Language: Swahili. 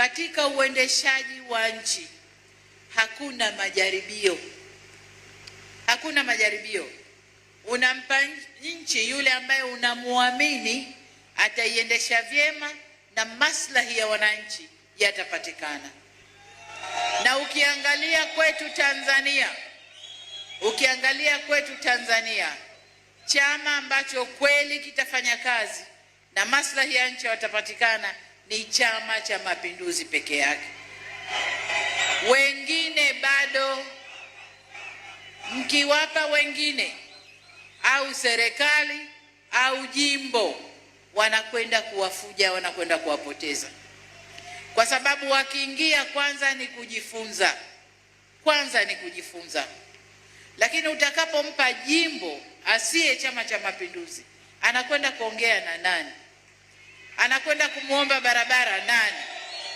Katika uendeshaji wa nchi hakuna majaribio, hakuna majaribio. Unampa nchi yule ambaye unamwamini ataiendesha vyema na maslahi ya wananchi yatapatikana. Na ukiangalia kwetu Tanzania, ukiangalia kwetu Tanzania, chama ambacho kweli kitafanya kazi na maslahi ya nchi yatapatikana ni Chama cha Mapinduzi peke yake, wengine bado mkiwapa wengine au serikali au jimbo, wanakwenda kuwafuja, wanakwenda kuwapoteza, kwa sababu wakiingia, kwanza ni kujifunza, kwanza ni kujifunza. Lakini utakapompa jimbo asiye Chama cha Mapinduzi, anakwenda kuongea na nani? anakwenda kumwomba barabara na